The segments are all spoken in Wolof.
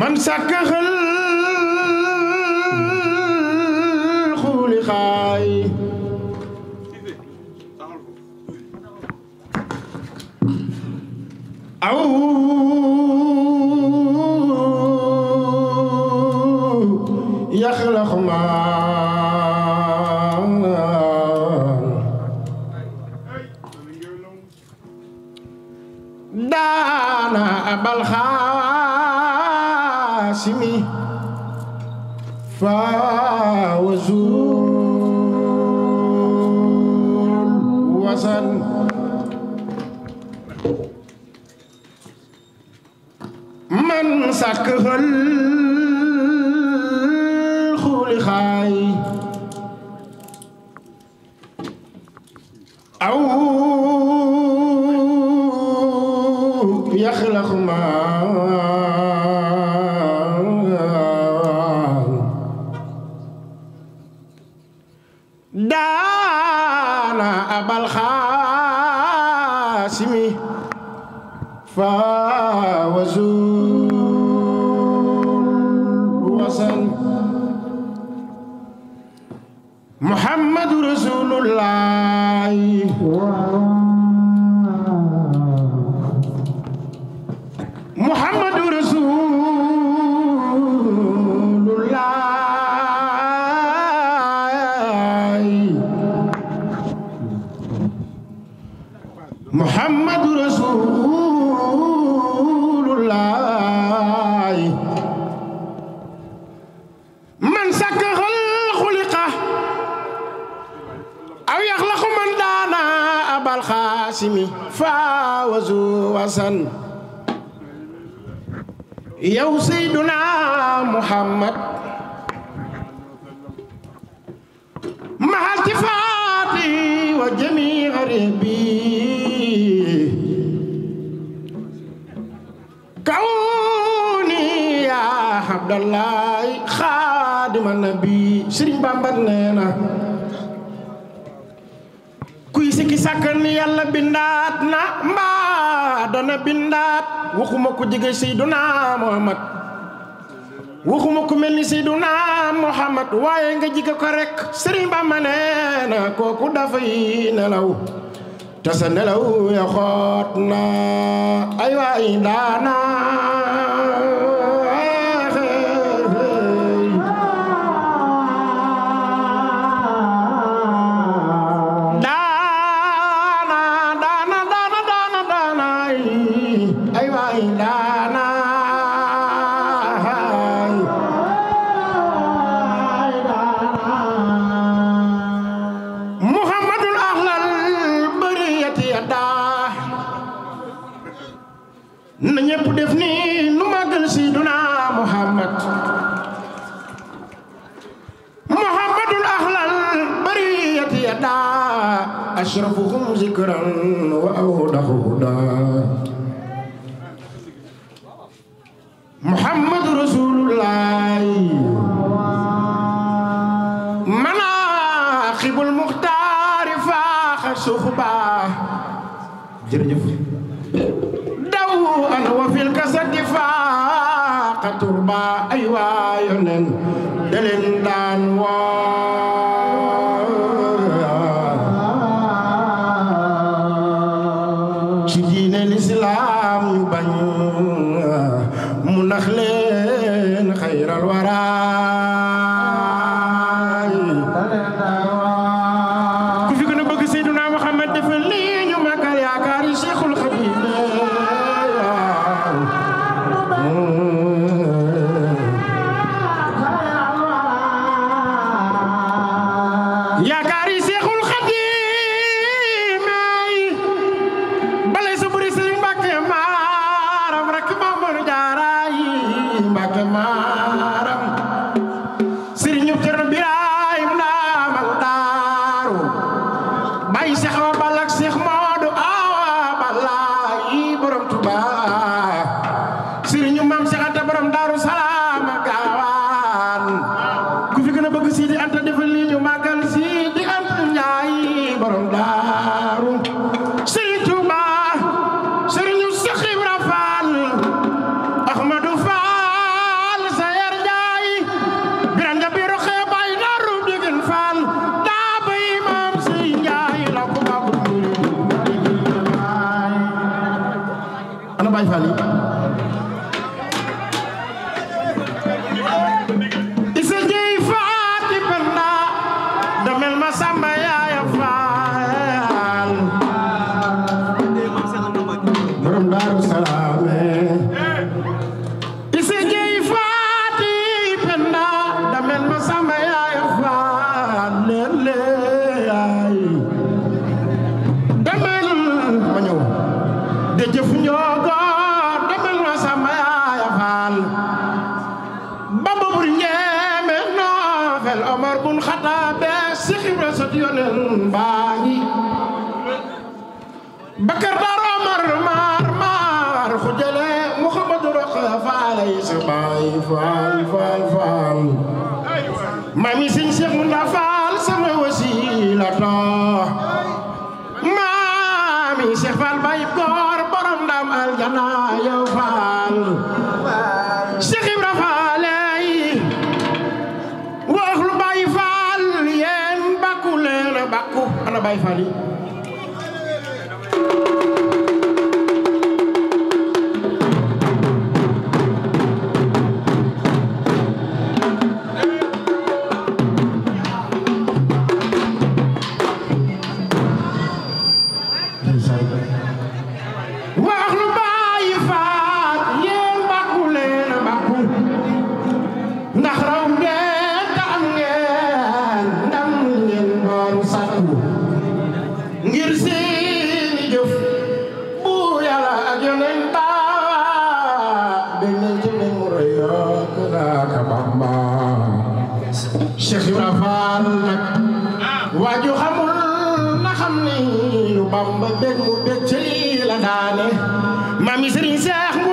man sàkka xal xuuli xaay aw man sàkk xël xuli xaay yow sayduna muhammad mahal tifaati wa jamii rihbi kawni ya abdallahi xaadima nabi sëriñ bamba nee na kuy sikki sàkkan yàlla na mbaa dana bindaat waxuma ko jege Seyduna Muhammad waxuma ku mel ni Seyduna Muhammad waaye nga jige ko rek Sëriñ Bamba nee na kooku dafay nelaw te nelaw ya xoot na ay waay daana suxba daw ana wa fil kasati faaqa turba ay waa yonen leen daan woo Baye Fall yi isa jeey damel ma samba yaaya faal borom daaru salaame eh. isa jeey faati penda damel ma samba yaaya faal leele yaay damel ma ñëw de jëf ñoo faal faal faal mami sëñ Cheikh Mounda Faal sama wasila ta mami Cheikh Faal bay góor borom ndam aljana yow faal Cheikh Ibra Faal lu bay faal yéen bakku leen bakku ana bay faal Cheikh Ibra Faal nag ni lu Bamba bég ci la daane mami Serigne Cheikh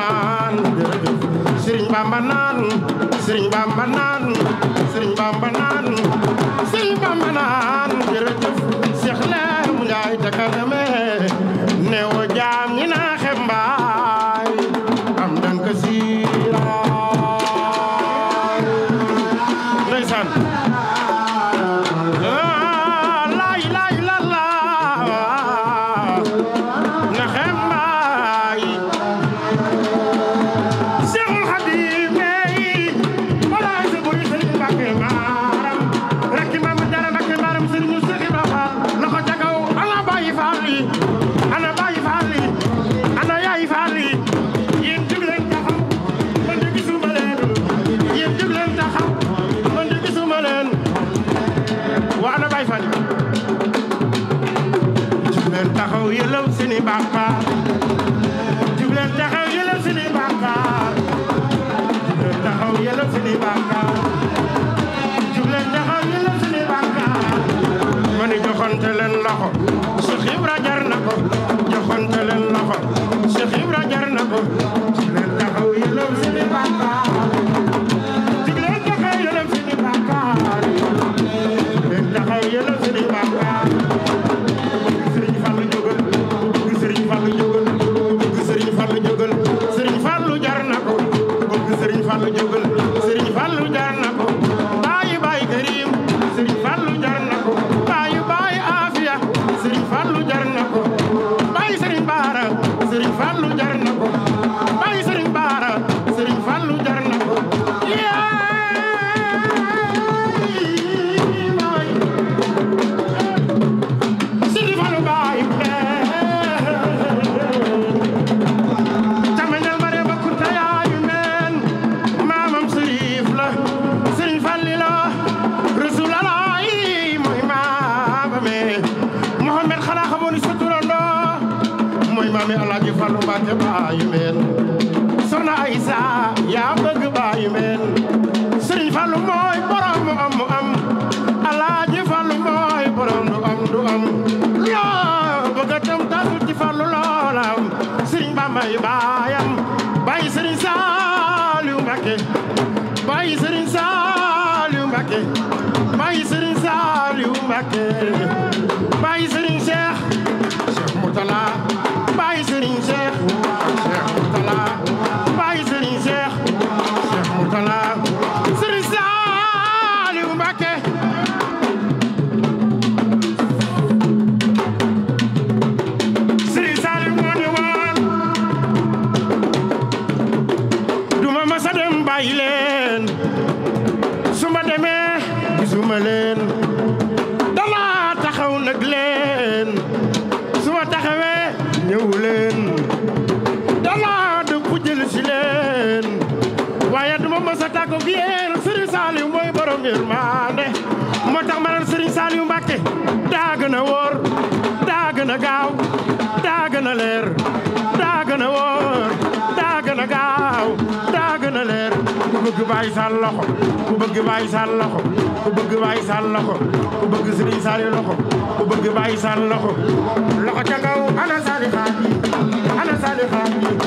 naan jërëjëf sëriñ bamba naan sëriñ bamba naan sëriñ bamba naan sëriñ bamba naan jërëjëf jar na ko joxante leen loxo Cheikh Ibra jar na ko a leer daa gën a a gaaw daa gën a leer ku bëgg bàyyi sal loxo ku bëgg bàyyi sal loxo ku bëgg bàyyi sal loxo ku bëgg sëriñ sali loxo ku bëgg bàyyi sal loxo loxo ca kaw ana sali xaat ana sali xaat